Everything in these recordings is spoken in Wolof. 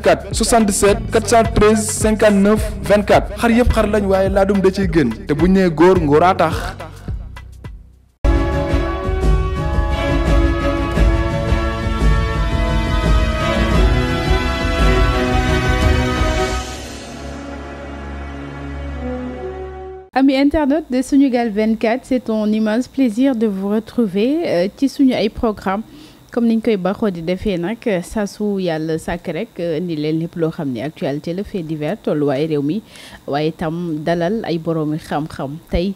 24 77 413 59 24 xar yëpp xar lañ waaye laadum da bu ñu nee góor ngóoraa tax. Amis internautes de Sunugal c'est un immense plaisir de vous retrouver euh, ci suñu ay programme comme niñ koy baaxoo di defee nag saa su yàlla sàkk rek ni leen lépp loo xam ne actualité la fait divers tolluwaay réew mi waaye tam dalal ay boroomi xam-xam tey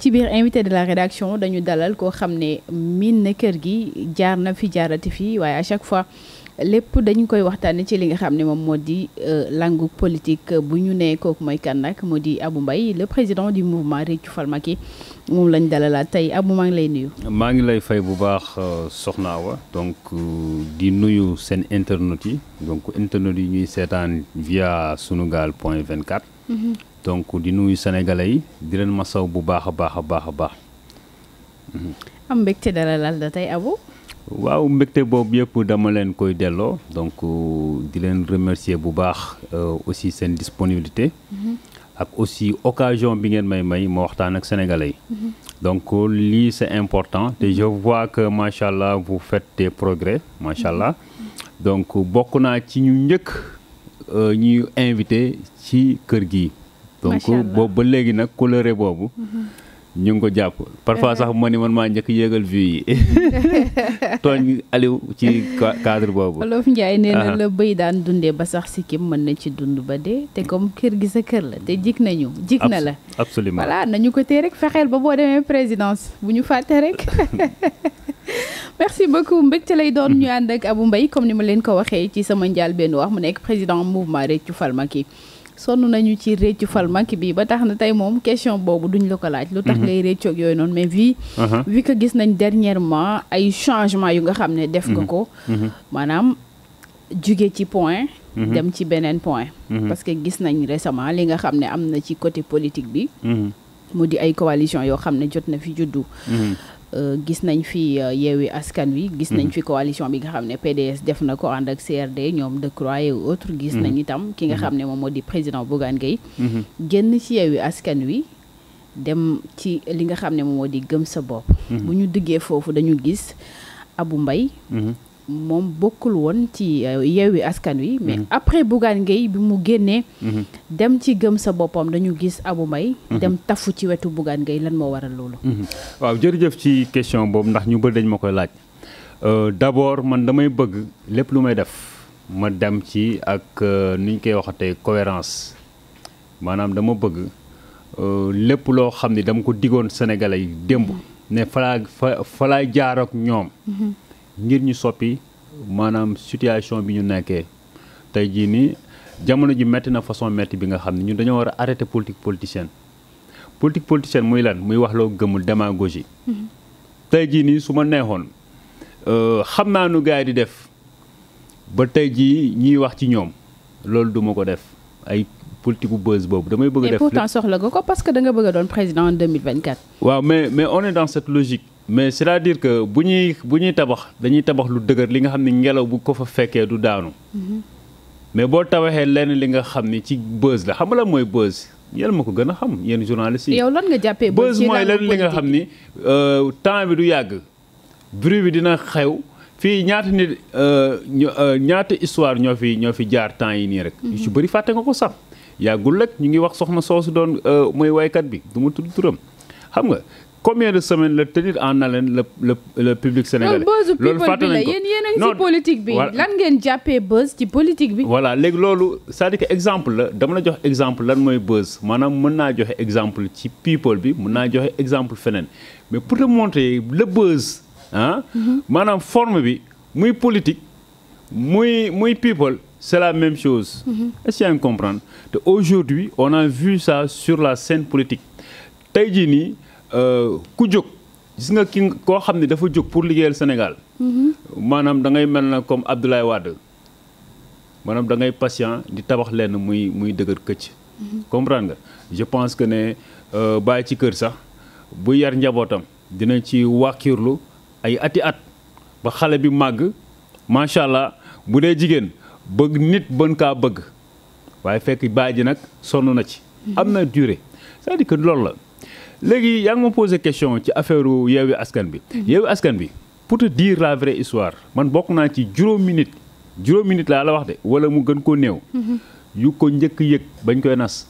ci biir invité de la rédaction dañu dalal koo xam ne miin na kër gi jaar na fi jaarate fi waaye à chaque fois lépp dañu koy waxtaanee ci li nga xam ne moom moo di euh, langu politique bu ñu nee kooku mooy kan nag moo di Abou mbay le président du mouvement Réccu Falmaki moom lañ dalalaat tey Abou maa ngi lay nuyu. maa ngi lay fay bu baax euh, Soxna Awa donc euh, di nuyu seen internet yi donc internet yi ñuy seetaan via sunugal point vingt quatre. Mhm. donc di nuyu sénégalais yi di leen masaw bu baax a baax a baax a baax. Mhm. am mbégte la tey Abou. waaw mbégte boobu yëpp dama leen koy delloo donc euh, di leen remercier bu baax aussi seen disponibilité. Mhm. ak aussi occasion bi ngeen may may ma waxtaan ak sénégalais yi. donc lii c' est important te je vois que macha allah vous faites des progrès macha allah donc bokk naa ci ñu njëkk euh, ñuy invité ci kër gi. donc boobu ba léegi nag coloré boobu. Mhm. ñu ngi ko jàpp parfois sax ma ni man maa njëkk yéegal vue yi tooñ Aliou ci cadre boobu. Olof Ndiaye nee na ah. la bëy daan dundee ba sax sikkim mën na ci dund ba de te comme kër gi sa kër la te jig nañu jig na la. absolument voilà nañu ko tee rek fexeel ba boo demee présidence bu ñu fàtte rek. merci beaucoup mbégte lay doon ñu ànd ak Abou Mbaye comme ni ma leen ko waxee ci sama njaal benn wax mu nekk président mouvement Réccu Falma ki sonn nañu ci récc fal Macky bi ba tax na tey moom question boobu duñ la ko laaj. lu tax mhm. ngay réccu yooyu noonu mais vi vi ko gis nañ dernièrement ay changement yu nga xam ne def nga mhm. ko. Mhm. maanaam jóge ci point. dem ci beneen point. parce que gis nañ récemment li nga xam ne am na ci côté politique bi. mu di ay coalition yoo xam ne jot na fi juddu. Euh, gis nañ fi euh, yeewi askan wi gis nañ mm-hmm. fi coalition bi nga xam ne PDS def na ko ànd ak CRD ñoom de Croix et gis nañ mm-hmm. itam ki nga xam ne mm-hmm. moom moo di président Bougane Gueye genn ci yeewi askan wi dem ci li nga xam ne moom moo di gëm sa bopp bu ñu diggee foofu dañu gis abu mbay moom bokkul woon ci euh, Yewwi Askan Wi mais mhm. après Bougane Gueye bi mu génnee mhm. dem ci gëm sa boppam dañu gis abu may mhm. dem tafu ci wetu Bougane Gueye lan moo waral loolu waaw jërëjëf ci question boobu ndax ñu bëri dañ ma koy laaj euh, d'abord man damay bëgg lépp lu may def ma dem ci ak euh, ni ñu koy waxatee cohérence maanaam dama bëgg lépp loo xam ne dama ko diggoon sénégalais yi démb ne falaa fa falaay jaar ñoom ngir ñu soppi maanaam situation bi ñu nekkee tey jii nii jamono ji metti na façon métti bi nga xam ne ñun dañoo war a arrêter politique politicienne politique politicienne muy lan muy wax loo gëmul démagogie mm-hmm. tey jii nii su ma neexoon euh, xam naa nu gars di def ba tey jii ñuy wax ci ñoom loolu duma ko def ay politique bu buzz boobu damay bëgg a def et pourtant soxla nga ko parce que da nga bëgg a doon président en 2024. waaw mais mais on est dans logique. mais cest que bu ñuy tabax dañuy tabax lu dëgër li nga xam ne ngelaw bu ko fa fekkee du daanu. Mhm. mais boo tabaxee lenn li nga xam ne ci buzz la xam nga lan mooy buzz yéen ma ko gën a xam yéen journaliste yi. yow lan nga jàppee buzz mooy lenn li nga xam ni euh, temps bi du yàgg bruit bi dina xew. fii ñaata nit euh, euh, ñaata histoire ñoo fi ñoo yi yàggul rek ñu ngi wax soxna soosu doon euh, mooy waykat bi du ma tudd turam xam nga combien semaine la tenir en haleine le le le public sénégalais. loolu fàttali nañ ko yéen yéen a bi lan ngeen jàppee buzz ci politique bi. voilà léegi loolu cest à exemple la dama la jox exemple lan mooy buzz maanaam mën naa joxe exemple ci people bi mën naa joxe exemple feneen mais pour te montrer le buzz ah. maanaam forme bi muy politique muy muy people. c'est la même chose. Mm-hmm. est-ce que yaa ngi comprendre te aujourd'hui on a vu ça sur la scène politique tey jii nii euh, ku jóg gis nga ki koo xam ne dafa jóg pour liggéeyal Sénégal. Mm-hmm. maanaam da ngay mel na comme Abdoulaye Wade maanaam da ngay patient di tabax lenn muy muy dëgër këcc. Mm-hmm. comprendre nga je pense que ne euh, bàyyi ci kër sax bu yar njabootam dina ci wàkkirlu ay ati at ba xale bi màgg macha allah bu dee jigéen. bëgg nit bën kaa bëgg waaye fekk ji nag sonn na ci. Mhm. am na durée c'est-à-dire que loolu la léegi yaa ngi ma posé question ci affaire Yewwi Askan bi mhm. Yewwi Askan bi pour te dire la vraie man bokk naa ci juróomi nit juróomi nit laa la wax de wala mu gën koo néew. Mhm. yu ko njëkk yëg bañ koy nas.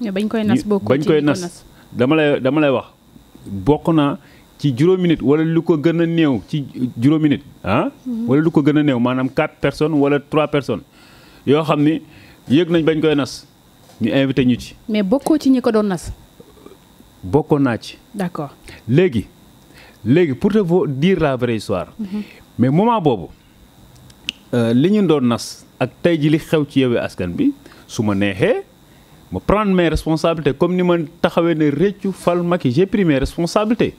bañ koy nas bañ koy nas dama lay dama lay wax bokk naa. ci juróomi nit wala lu ko gën a néew ci juróomi nit ah. Mhm. wala lu ko gën a néew maanaam quatre personnes wala trois personnes yoo xam ni yëg nañ bañ koy nas ñu invité ñu ci. mais bokkoo ci ñu ko doon nas. bokkoon naa ci. d'accord léegi léegi pour te dire la vraie mhm. mais moment boobu euh, li ñu doon nas ak tey ji li xew ci Yewwi Askan bi su ma neexee. ma prendre mes responsabilités comme ni ma taxawee ne rëccu fal Macky j'ai pris mes responsabilités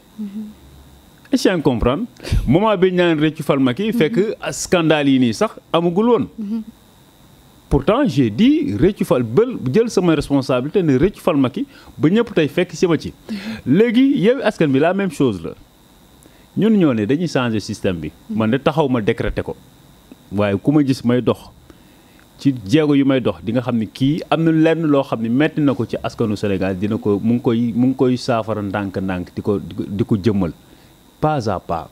est-ce que comprendre moment bi ñu naan rëccu fal Macky fekk scandale yi nii sax amagul woon. pourtant j'ai dit rëccu fal bël sama responsabilité ne rëccu fal ba ñëpp tey fekk si ma ci. léegi yow askan bi la même chose la ñun ñoo ne dañuy changer système bi. man de taxaw ma décréter ko waaye ku ma gis may dox. ci jéego yu may dox di nga xam ne kii am na lenn loo xam ne metti na ko ci askanu Sénégal dina ko mu ngi koy mu ngi koy saafara ndànk-ndànk di ko di ko jëmmal pas à pas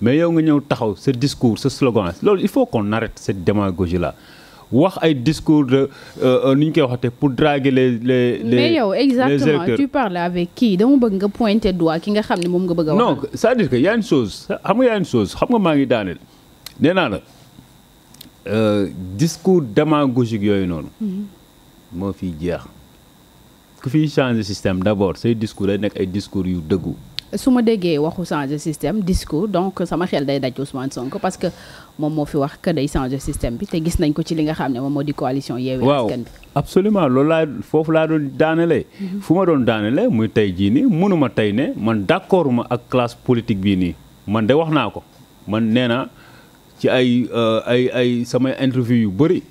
mais yow nga ñëw taxaw sa discours sa slogan loolu il faut qu'on arrête cette démagogie là wax ay discours de euh, nu ñu koy waxatee pour draguer les les les mais yow exactement tu parles avec qui dama bëgg nga pointer doigt ki nga xam ne moom nga bëgg a wax. non cest dire que y a une xam nga y a une xam nga maa ngi daaneel nee naa la. Euh, discours démagogique yooyu noonu. Mm-hmm. moo fi jeex ku fiy changer système d'abord say discours day nekk ay discours yu dëggu. su ma déggee waxu changer système discours donc sama xel day daj Ousmane Sonko parce que moom moo fi wax que day changer système bi te gis nañ ko ci li nga xam ne moom moo di coalition Yewwi Askan bi waaw absolument loolu laa foofu laa doon daanelee mm-hmm. fu ma doon daanelee muy tey jii nii mënuma tey ne man d'accord ma ak classe politique bii nii man de wax naa ko ci ay euh, ay ay samay interview yu bëri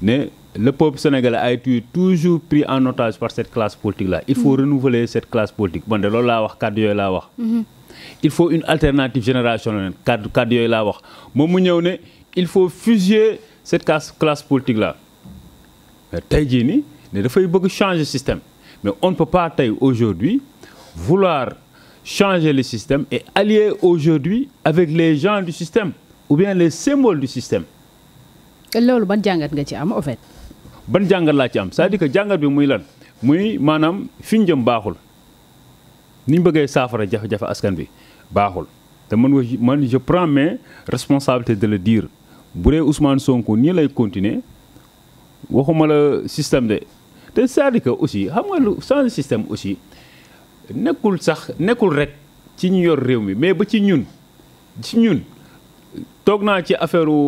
ne le peuple sénégalais a été toujours pris en otage par cette classe politique là il faut mm-hmm. renouveler cette classe politique man de loolu laa wax kàddu yooyu laa wax mm-hmm. il faut une alternative générationnelle kàddu kàddu yooyu laa wax moom mu ñëw ne il faut fuser cette classe classe politique là tey jii nii ne dafay bëgg changer système mais on peut pas tey aujourd'hui vouloir changer le système et allier aujourd'hui avec les gens du système ou bien les symboles du système. loolu ban jàngat nga ci am en ban jàngat laa ci am c'est-à-dire que jàngat bi muy lan muy maanaam fi ñu jëm baaxul ni bëggee saafara jafe-jafe askan bi baaxul te man man je prends mes responsabilités de le dire bu dee Ousmane Sonko nii lay continuer waxuma la système de te cest à aussi xam nga lu changer système aussi nekkul sax nekkul rek ci ñu yor réew mi mais ba ci ñun ci ñun. toog naa ci affaire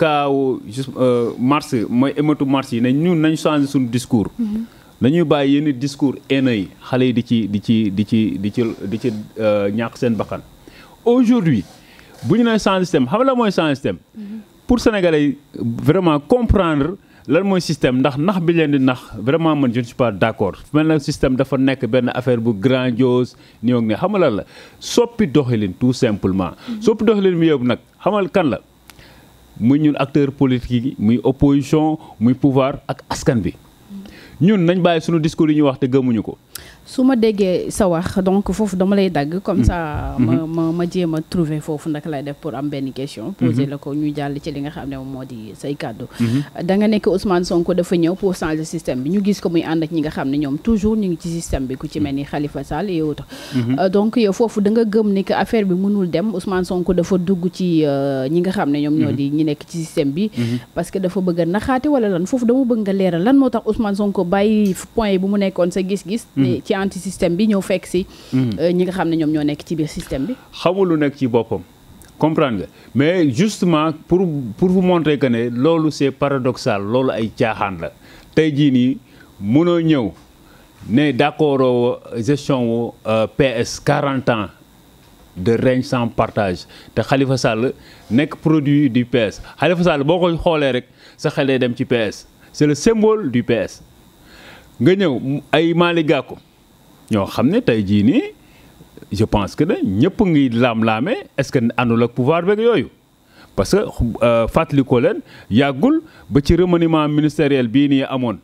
kaaw euh, mars mooy émetu mars yi ne ñun nañ changé suñu discours. Mm-hmm. nañuy bàyyi yenn discours haineux yi xale yi di ci di ci di ci di ci di ci euh, ñàkk seen bakkan aujourd'hui bu ñu nee changé système xam la mooy changé système mm-hmm. pour sénégalais vraiment comprendre. lan mooy système ndax nax bi leen di nax vraiment man je ne suis pas mel na système dafa nekk benn affaire bu grandiose nii ak ne xam la soppi doxalin tout simplement. Mhm. soppi doxalin bi yëpp nag xamal kan la mu ñuul acteur politique muy opposition muy pouvoir ak askan bi mhm. ñun nañ bàyyi sunu discours yi ñu wax te gëmuñu ko. su ma déggee sa wax donc foofu dama lay dagg comme mm-hmm. ça ma mm-hmm. ma ma jéem a trouver foofu naka lay def pour am benn question mm-hmm. poser la ko ñu jàll ci li nga xam ne moom moo di say kàddu da nga nekk Ousmane Sonko dafa ñëw pour changer système bi ñu gis ko muy ànd ak ñi nga xam ne ñoom toujours ñu ngi ci système bi ku ci mel ni Khalifa Sall et autres euh, donc yow foofu da nga gëm ni que affaire bi mënul dem Ousmane Sonko dafa dugg ci euh, ñi nga xam ne ñoom ñoo di ñu nekk ci système bi parce que dafa bëgg a naxaate wala lan foofu dama bëgg nga leeral lan moo tax Ousmane Sonko bàyyi point bu mu nekkoon sa gis-gis anti système bi ñëw fekk si. Hmm. Euh, ñi nga xam ne ñoom ñoo nekk ci biir système bi. xamul lu nekk ci boppam comprendre nga mais justement pour pour vous montrer que ne loolu c'est paradoxal loolu ay caaxaan la tey jii nii mënoo ñëw ne d'accord gestion wu euh, PS 40 ans. de règne sans partage te xalifa Sall nekk produit du PS Khalifa Sall boo koy xoolee rek sa xel dem ci PS c'est le symbole du PS nga ñëw ay Malick Gakou ñoo xam ne tey jii nii je pense que ne ñëpp ngi laam-laame est-ce que àndul ak pouvoir beeg yooyu parce que euh, fàttali ko leen yàggul ba ci remaniement ministériel bii nii amoon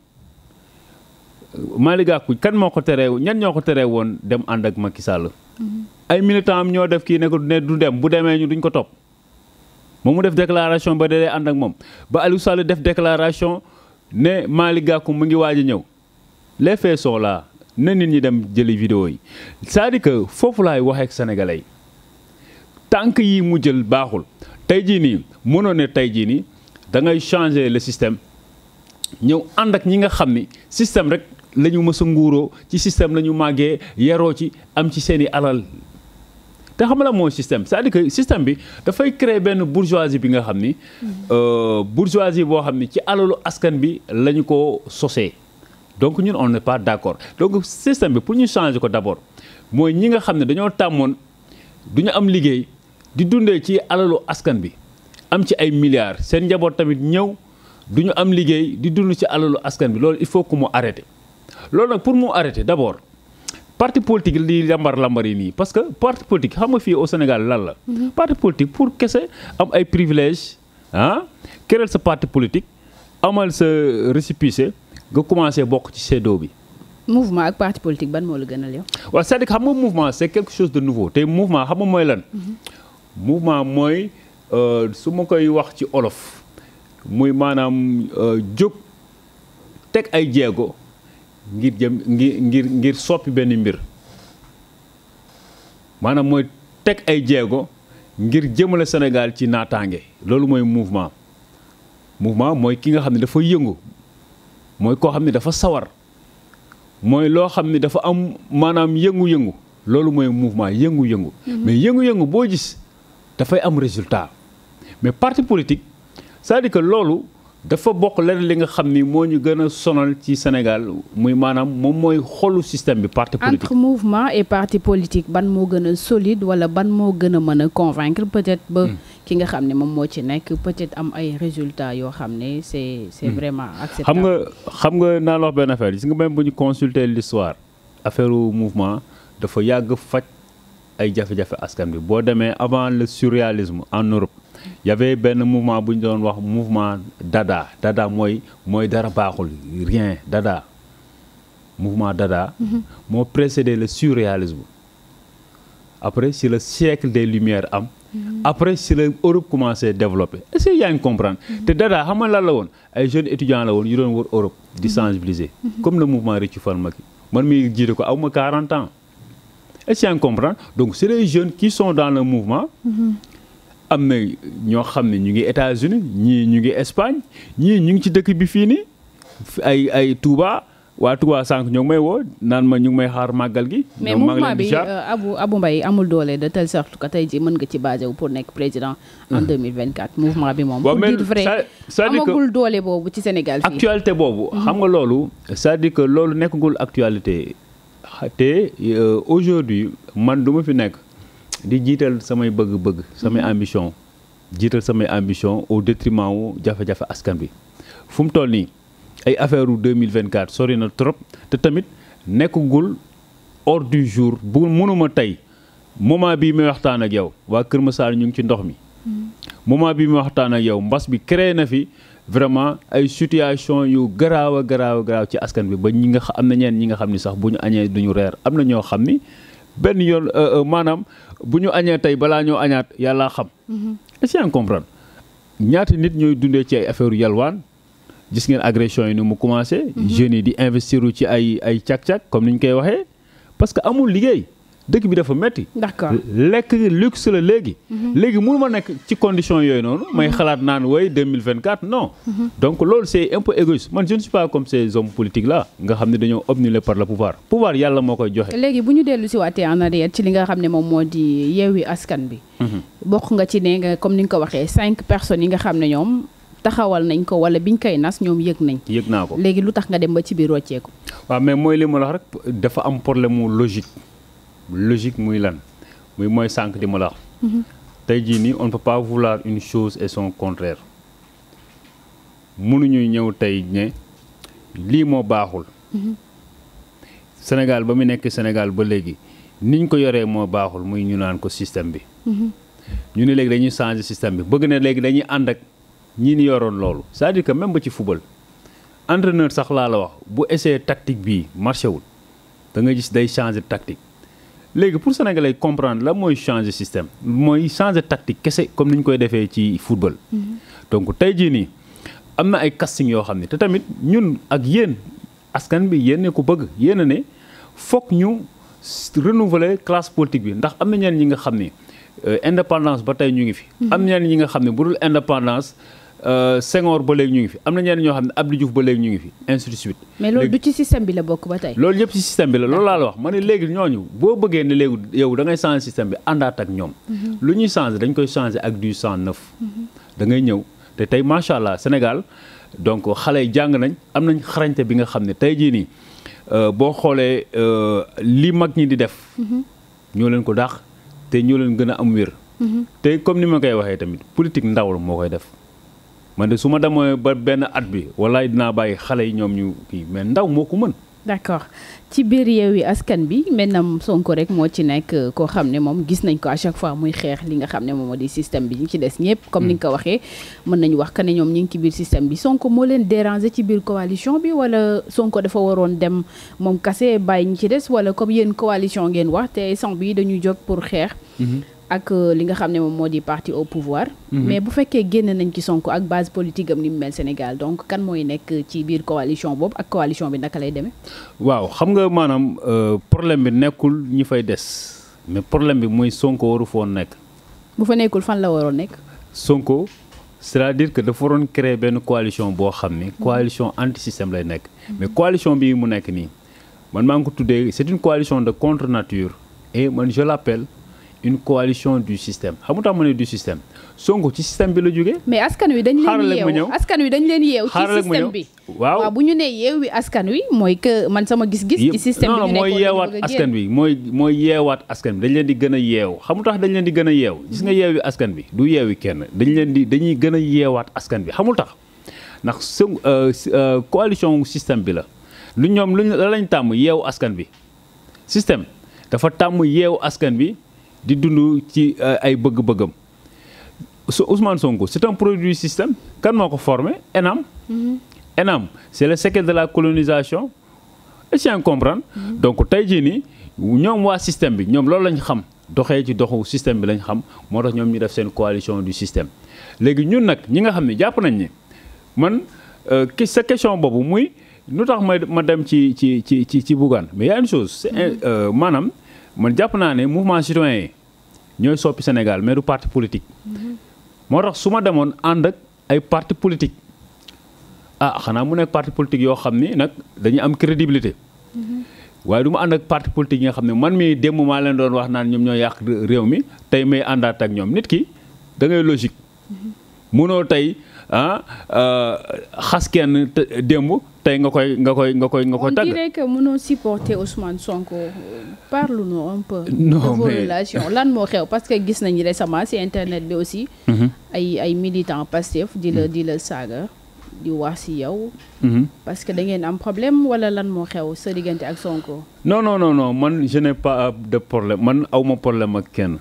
Malick Gakou kan moo ko teree ñan ñoo ko teree woon dem ànd ak Macky sàll mm-hmm. ay militant ñoo def kii ne ko ne du dem bu demee ñu duñ ko topp moom mu def déclaration ba dee ànd ak moom ba Aliou Sall def déclaration ne Malick Gakou mu ngi waaj a ñëw les faits sont na nit ñi dem jëli vidéo yi cest à que foofu laay waxee ak sénégalais yi tànk yi mu jël baaxul tey jii nii mënoo ne tey jii nii da ngay changer le système ñëw ànd ak ñi nga xam ni système rek lañu ñu mës a nguuroo ci système la ñu màggee yaroo ci am ci seen i alal te xam la mooy système cest système bi dafay créer benn bourgeoisie bi nga xam ni mm-hmm. euh, bourgeoisie boo xam ni ci alalu askan bi la ñu ko sosee donc ñun on n'est pas d'accord donc système bi pour ñu changer ko d'abord mooy ñi nga xam ne dañoo tàmmoon du ñu am liggéey di dundee ci alalu askan bi am ci ay milliards seen njaboot tamit ñëw du ñu am liggéey di dund ci alalu askan bi loolu il faut que mu arrêté loolu nag pour mu arrêté d'abord parti politique li lambar lambar yi nii parce que parti politique xam nga fii au Sénégal lan la. Mm-hmm. parti politique pour kese am ay privilèges ah këral sa parti politique amal sa récépissé. nga commencé bokk ci séddoo bi. mouvement ak parti politique ban moo la gënal yow. waaw cest à xam nga mouvement c'est quelque chose de nouveau te mouvement xam nga mooy lan. Mhm. mouvement mooy euh, su ma koy wax ci olof. muy maanaam euh, jóg teg ay jéego ngir jëm ngir ngir ngir soppi benn mbir maanaam mooy teg ay jeego ngir jëmale Sénégal ci naataange loolu mooy mouvement mouvement mooy ki nga xam ne dafa yëngu mooy koo xam ne dafa sawar mooy loo xam ne dafa am maanaam yëngu-yëngu loolu mooy mouvement yëngu-yëngu. Mhm. mais yëngu-yëngu boo gis dafay am résultat mais parti politique cest à que loolu. dafa bokk lenn li nga xam ni moo ñu gën a sonal ci Sénégal muy maanaam moom mooy xolu système bi parti politique. entre mouvement et parti politique ban moo gën a solide wala ban moo gën a mën a convaincre peut-être ba. Hmm. ki nga xam ne moom moo ci nekk peut-être am ay résultats yoo xam ne c'est c'est hmm. vraiment acceptable. xam nga xam nga naa la wax benn affaire gis nga même bu ñu consulter l'histoire affaire mouvement dafa yàgg faj ay jafe-jafe askan bi boo demee avant le surréalisme en Europe. y benn mouvement bu ñu doon wax mouvement dada dada mooy mooy dara baaxul rien dada mouvement dada mhm. moo précédé le surréalisme après si le siècle de lumières am mhm. après si la Europe commencé développer est-ce que yaa ngi comprendre mhm. te dada xam la woon ay jeunes étudiants la woon yu doon wër Europe di sensibiliser comme le mouvement Ricci Falma ki man mi jiite ko aw ma 40 ans est-ce yaa ngi comprendre donc c'est les jeunes qui sont dans le mouvement am na ñoo xam ne ñu ngi États-Unis ñii ñu ngi Espagne ñii ñu ngi ci dëkk bi fii nii ay ay Touba waa Touba sànq ñoo ngi may woo naan ma ñu ngi may xaar màggal gi. mais mouvement bi euh, Abou Abou mbay amul doole de telle sorte que tey jii mën nga ci basé wu pour nekk président. en 2024 hmm. mouvement bi moom. pour dire vrai amagul doole boobu ci Sénégal fii. actualité boobu. Hmm. xam nga loolu. c'est-à-dire que loolu nekkagul actualité te euh, aujourd'hui man du ma fi nekk. di jiital samay bëgg-bëgg samay mhm. ambition jiital samay ambition au détriment wu jafe-jafe askan bi fu mu toll nii ay affaire u 2024 sori na trop te tamit nekkagul ordre du jour bu mënuma tey moment bii muy waxtaan ak yow waa Kër Massar ñu ngi ci ndox mi mhm. moment bii may waxtaan ak yow mbas bi créé na fi vraiment ay situation yu garaaw a garaaw a garaaw ci askan bi ba ñi nga am na ñeen ñi nga xam ni sax bu ñu añee duñu reer am na ñoo xam ni benn yoon euh, euh, maanaam bu ñu añee tey balaa ñoo añaat yàllaa xam. Mm-hmm. est-ce que comprendre ñaata nit ñooy dundee ci ay affaire yalwaan gis ngeen agression yi ni mu commencé. Mm-hmm. jeunes yi di investir ci ay ay càq comme ni ñu koy waxee parce que amul liggéey. dëkk bi dafa metti d'accord lekk luxe la léegi. Mhm. léegi mënu ma nekk ci condition yooyu noonu. may mhm. xalaat naan way 2024 non. Mhm. donc loolu c'est un peu égoïste man je ne suis pas comme ces hommes politiques là nga xam ne dañoo obnulés par le pouvoir pouvoir yàlla moo koy joxe. léegi bu ñu dellu si waatee en arrière ci li nga xam ne moom moo di yeewi askan bi. bokk nga ci ne nga comme ni nga ko waxee cinq personnes yi nga xam ne ñoom. taxawal nañ ko wala biñ koy nas ñoom yëg nañ. yëg naa ko léegi lu tax nga dem ba ci biir rocceeku. waaw mais mooy li ma am problème mu logique muy lan muy mooy sànq di ma la mhm. tey jii nii on ne peut pas vouloir une chose et son contraire mënuñu ñëw tey ne lii moo baaxul mhm. senegal ba mu nekk Sénégal ba léegi niñ ko yoree moo baaxul muy ñu naan ko système bi mhm. ñu ne léegi dañuy changer système bi bëgg na léegi dañuy ànd ak ñi ni yoroon loolu c'est-à-dire même ba ci football entraîneur sax laa la wax bu essayé tactique bii marché wul da nga gis day changer tactique léegi pour sénégalais comprendre la mooy changer système mooy changer tactique kese comme ni ñu koy defee ci football. Mm-hmm. donc tey jii nii am na ay casting yoo xam ne te tamit ñun ak yéen askan bi yéen ko bëgg yéen a ne foog ñu renouveler classe politique bi ndax am na ñenn ñi nga xam ni euh, independance ba tey ñu ngi fi. Mm-hmm. am na ñenn ñi nga xam ne bu dul indépendance. Euh, Senghor ba léegi ñu ngi fi am na ñenn ñoo xam ne Abdou Diouf ba léegi ñu ngi fi ainsi de suite. mais loolu du ci système bi la bokk ba tey. loolu yëpp ci système bi la loolu laa la wax ma ne léegi ñooñu boo bëggee ne léegi yow da ngay changer système bi àndaat ak ñoom. Mhm. lu ñuy changer dañ koy changer ak du cent neuf. Mhm. da ngay ñëw te tey macha allah Sénégal donc xale yi jàng nañ am nañ xarañte bi nga xam ne tey jii nii euh, boo xoolee euh, li mag ñi di def. Mhm. ñoo leen ko dàq te ñoo leen gën a am wér. te comme ni ma koy waxee tamit politique ndaw moo koy def. man de su ma demee ba benn at bi walaay dinaa bàyyi xale yi ñoom ñu kii mais ndaw moo ko mën. d'accord ci biir Yewwi Askan bi maintenant Sonko rek moo ci nekk euh, koo xam ne moom gis nañ ko à chaque fois muy xeex li nga xam ne moom moo di système bi ñu ci des ñëpp. comme ni nga ko hmm. waxee mën nañu wax que ne ñoom ñu ngi ki biir système bi Sonko moo leen déranger ci biir coalition bi wala Sonko dafa waroon dem moom kase bàyyi ñu ci des wala comme yéen coalition ngeen wax te sang dañuy jóg pour xeex. Hmm. ak euh, li nga xam ne moom moo di parti au pouvoir. Mhm. mais bu fekkee génn nañ ci Sonko ak base politique am ni mu mel Sénégal donc kan mooy nekk ci biir coalition boobu ak coalition bi naka lay demee. waaw xam nga maanaam euh, problème bi nekkul ñi fay des mais problème bi mooy Sonko waru foon nekk. bu fa nekkul fan la waroon nekk. Sonko c'est-à-dire que dafa waroon créer benn coalition boo xam ne. Mhm. coalition anti système lay nekk. Mhm. mais coalition bii mu nekk nii man maa ngi ko tuddee c'est une coalition de contre nature une coalition du système xam nga tax ma ne du système Sonko ci système bi la jógee. mais askan wi dañ leen yeewu askan wi dañ leen yeewu. ci système bi waaw waaw bu ñu nee yeewi askan wi mooy que man sama gis-gis. ci bi ñu mooy yeewaat askan wi mooy mooy yeewaat askan bi dañ leen di gën a yeewu xam tax dañ leen di gën a yeewu. gis nga yeewi askan bi du yeewi kenn dañ leen di dañuy gën a yeewaat askan bi xamul tax ndax seen euh, euh, coalition système bi la lu ñoom lu tàmm yeewu askan bi système dafa tàmm yeewu askan bi. di dund ci euh, ay bëgg-bëggam su Ousmane Sonko c'est un produit système kan moo ko formé ENAM mm-hmm. ENAM c'est le secret de la colonisation est-ce que comprendre mm-hmm. donc tey jii nii ñoom waa système bi ñoom loolu lañ xam doxee ci doxu système bi lañ xam moo tax ñoom ñu def seen coalition du système léegi ñun nag ñi nga xam ne jàpp nañ ni man ki euh, sa question boobu muy nu tax ma ma dem ci ci ci ci ci Bougane mais y a une chose mm-hmm. euh, maanaam man jàpp naa ne mouvement citoyen yi ñooy soppi Sénégal mais du parti politique. moo tax su ma demoon ànd ak ay parti politique ah xanaa mu nekk parti politique yoo xam ni nag dañuy am crédibilité. waaye du ma ànd ak parti politique yi nga xam ne man mii démb maa leen doon wax naan ñoom ñoo yàq réew mi tey may àndaat ak ñoom nit ki da ngay logique. Mhm. munoo tey ah euh, xas kenn démb tey nga koy nga koy nga koy nga koy tàgg. on dirait que mënoo supporter Ousmane Sonko parle-nous un peu. non mais de relation lan moo xew parce que gis nañu récemment ci internet bi aussi. Mhm. ay ay militants Pastef di la mhm. di la saaga. di wax ci yow. Mhm. parce que da ngeen am problème wala lan moo xew sa diggante ak Sonko. non non non non man je n'ai pas de problème man awma problème ak kenn.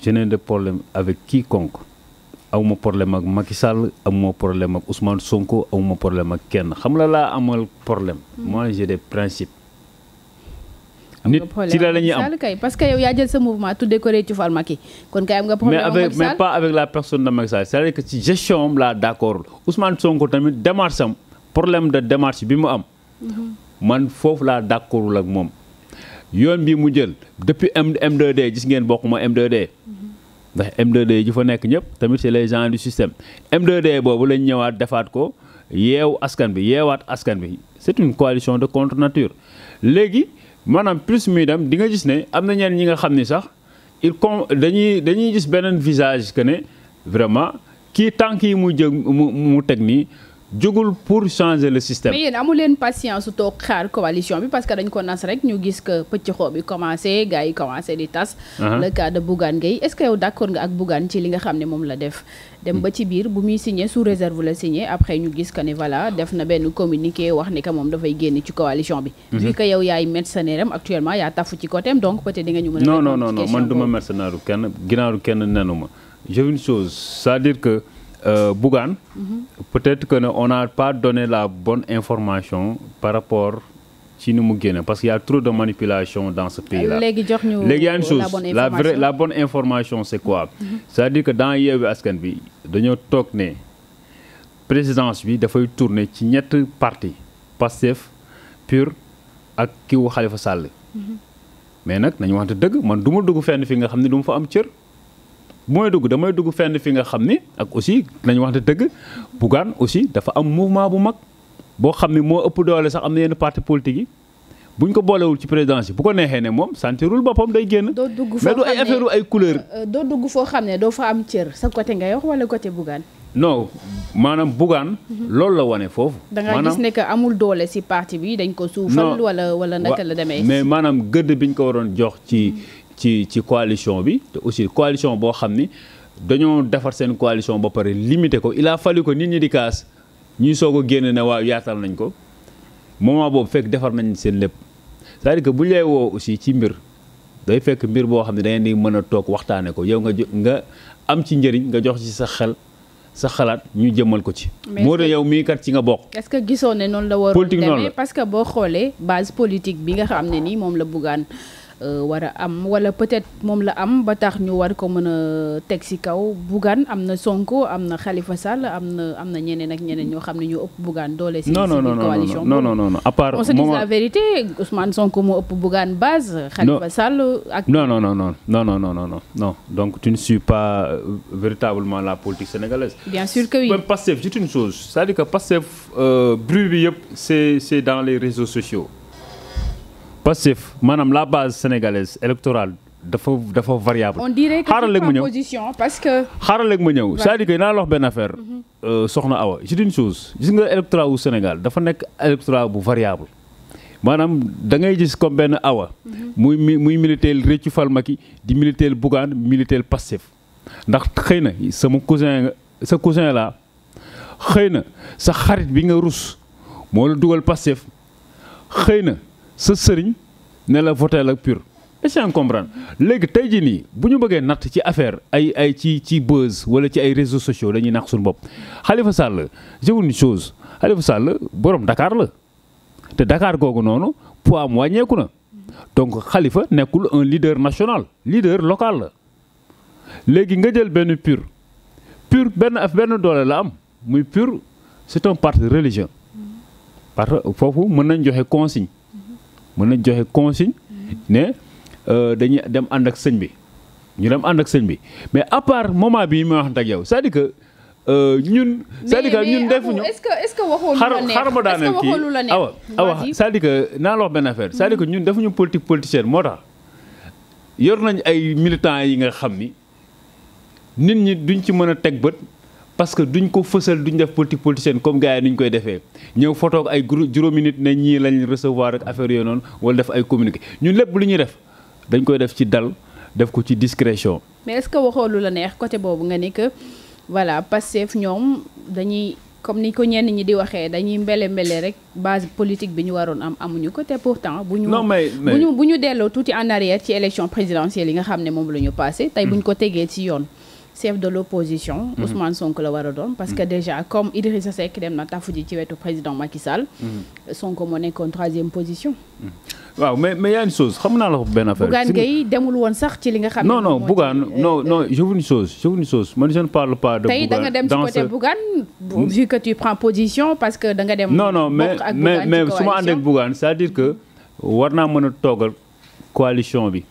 je n'ai de problème avec quiconque. amuma problème ak Macky Sall amuma problème ak Ousmane Sonko amuma problème ak kenn xam la laa amal poroblème hmm. moi j'ai des principes. nit ci la la am parce que yow yaa jël sa mouvement tuddee la personne de Macky Sall c'est-à-dire que ci gestion am laa d'accord Ousmane Sonko tamit démarche am problème de démarche bi mu am. Mm-hmm. man foofu laa d'accordul ak moom. yoon bi mu jël depuis M m gis ngeen bokkuma m 2 ndax m ju fa nekk ñëpp tamit c'est les gens du système M2D boobu lañ ñëwaat defaat ko yeew askan bi yeewaat askan bi c'est une coalition de contre nature léegi maanaam plus muy dem di nga gis ne am na ñenn ñi nga xam ni sax il com dañuy dañuy gis beneen visage que ne vraiment kii tànk yi mu jëg mu mu teg nii jógul pour changer le système. mais yéen amu leen patience toog xaar coalition bi parce que dañ ko nas rek ñu gis que pëcc bi commencé gars yi commencé di tas. Uh-huh. le cas de Bougane Gueye est ce que nga ak Bougane ci li nga xam ne moom la def. dem ba ci biir bu muy signé sous réserve la signé après ñu gis que ne voilà def na benn communiqué wax ni moom dafay génn ci coalition bi. Uh-huh. vu que yow yaay mercenaire actuellement yaa tafu ci côté donc a. non non non man du ma mercenaire euh, Bougane. Mm être que ne on n'a pas donné la bonne information par rapport ci ni mu génne parce que y trop de manipulation dans ce pays là. léegi jox ñu léegi y a une la vraie la bonne information c'est quoi. Mm -hmm. dire que dans Yewwi Askan bi dañoo toog ne présidence bi dafay tourner ci ñett parti Pastef PUR ak kiwu Khalifa Sall. Mhm. mais nag nañu waxante dëgg man du ma dugg fenn fii nga xam ne duma fa am cër. bu may dugg damay dugg fenn fi nga xam ni ak aussi nañu wax ne dëgg Bougane aussi dafa am mouvement bu mag boo xam ni moo ëpp doole sax am na yenn parti politique yi buñ ko boolewul ci présidence yi bu ko neexee ne moom sentirul boppam day génn. doo dugg foo xam ne mais du ay affaire ay couleur. Euh, euh, doo dugg foo xam ne doo fa am cër sa côté ngay wax wala côté Bougane. non maanaam Bougane. Mhm. loolu la wane foofu. da nga gis ne amul doole si parti bi dañ ko suufal. wala wala naka la demee. mais maanaam gëdd biñ ko waroon jox ci. Mhm. ci ci coalition bi te aussi coalition boo xam ni dañoo defar seen coalition ba pare limité ko il a ko que nit ñi di kaas ñuy soog a génn ne waaw yaatal nañ ko moom moment boobu fekk defar nañ seen lépp c'est-à-dire que bu lay woo aussi ci mbir day fekk mbir boo xam ne da di mën a toog waxtaanee ko yow nga nga am ci njëriñ nga jox ci sa xel. sa xalaat ñu jëmmal ko ci. moo tax yow mii kat ci nga bokk. est-ce que gisoo ne noonu la war. politique noonu la parce que war a am wala peut-être moom la am ba tax ñu war ko mën a teg ci kaw Bougane am na Sonko am na Khalifa Sall am na am na ñeneen ak ñeneen ñoo xam ne ñoo ëpp Bougane doole. ci coalition non non non non à part on se dit la vérité Ousmane Sonko moo ëpp Bougane base. Khalifa Sall ak. non non non non non donc tu ne suis pas véritablement la politique sénégalaise. bien sûr que oui même Pastef c'est une chose c'est-à-dire que Pastef bruit bi yëpp c'est c'est dans les réseaux sociaux. Pastef maanaam la base sénégalaise électorale dafa dafa variable. on dirait que xaaral léegi ma ñëw position parce que. xaaral léegi ñëw c'est-à-dire que naa la wax benn affaire. Mhm. Euh, soxna Awa je chose gis nga électorat wu Sénégal dafa nekk électorat bu variable. maanaam da ngay gis comme benn awa. Mhm. muy muy militaire Réthiou Fall Macky di militaire Bougane militaire Pastef ndax xëy na sama cousin sa cousin la xëy na sa xarit bi nga rus moo la dugal Pastef xëy na. sa sëriñ ne la votel ak pur est-ce que léegi tey jii nii bu ñu bëggee natt ci affaire ay ay ci ci buzz wala ci ay réseaux sociaux dañuy nax suñu bopp xalifa Sall je vous une chose Khalifa Sall borom Dakar la te dakaar googu noonu pois am wàññeeku na donc xalifa nekkul un leader national leader local la léegi nga jël benn pur pur benn af benn doole la am muy pur c'est un parti religieux parce que foofu mën nañ joxe consigne. mën nañ joxe consigne ne euh, dañuy dem ànd ak sëñ bi ñu dem ànd ak sëñ bi mais à part moment bii ma wax ak yow c'est-à-dire euh, ñun. cest à ñun defuñu est-ce que est-ce la neex waxoo lu la que naa la wax que mhm. ñun defuñu politique politicienne moo tax yor nañ ay militants yi nga xam ni nit ñi duñ ci mën a teg bët. parce que duñ ko fësal duñ def politique politicienne comme gars yi ni ñu koy defee ñëw photo ay groupe juróomi nit ne ñii lañ recevoir ak affaire yooyu noonu def ay communiqué ñu lépp lu ñuy def dañ koy def ci dal def ko ci discrétion. mais est-ce que waxoo lu la neex côté boobu nga ni que voilà Pastef ñoom dañuy comme ni ko ñenn ñi di waxee dañuy mbele mbele rek base politique bi ñu waroon am amuñu ko te pourtant. bu ñu bu ñu ñu delloo tuuti en arrière ci élection présidentielle nga xam ne moom la ñu passé. tey bu ñu ko tegee ci yoon. chef de l'opposition mhm. Ousmane Sonko la war a doon parce que mhm. déjà comme sa Seck dem na tafu ji ci wetu président Macky Sall mhm. Sonko moo nekkoon troisième position waaw mais mais y a xam naa la ko benn affaire Bougane Gueye demul woon sax ci li nga xam non non Bougane non euh, non euh, je veux une chose je veux une man je parle pas de tey dem ci côté Bougane mm. vu que parce que da nga dem non non mais mais mais su ma ànd ak Bougane cest dire que war naa mën a toogal coalition bi